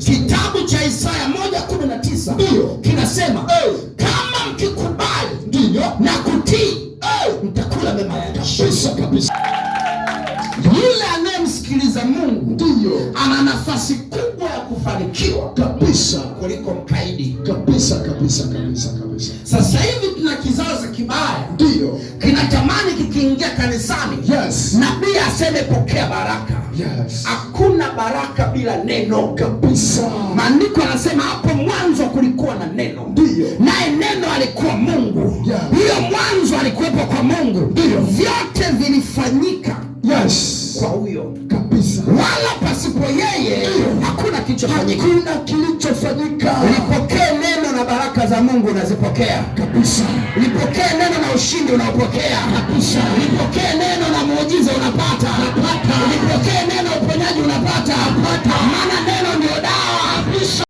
Kitabu cha Isaya moja kumi na tisa ndio kinasema hey, kama mkikubali ndio na kutii hey, mtakula mema ya kabisa kabisa. Yule anayemsikiliza Mungu ndio ana nafasi kubwa ya kufanikiwa kabisa kuliko mkaidi kabisa kabisa kabisa kabisa. Sasa hivi tuna kizazi kibaya ndio kinatamani kikiingia kanisani, yes, nabii aseme pokea baraka Hakuna baraka bila neno kabisa. Maandiko yanasema hapo mwanzo kulikuwa na neno, ndio naye neno alikuwa Mungu, huyo yes. mwanzo alikuwepo kwa Mungu, ndio vyote vilifanyika yes. kwa huyo kabisa, wala pasipo yeye hakuna kilichofanyika, hakuna kilichofanyika. Ulipokee neno na baraka za Mungu unazipokea kabisa, ulipokee neno na ushindi unaopokea kabisa, ulipokee neno na muujiza unapata Come on.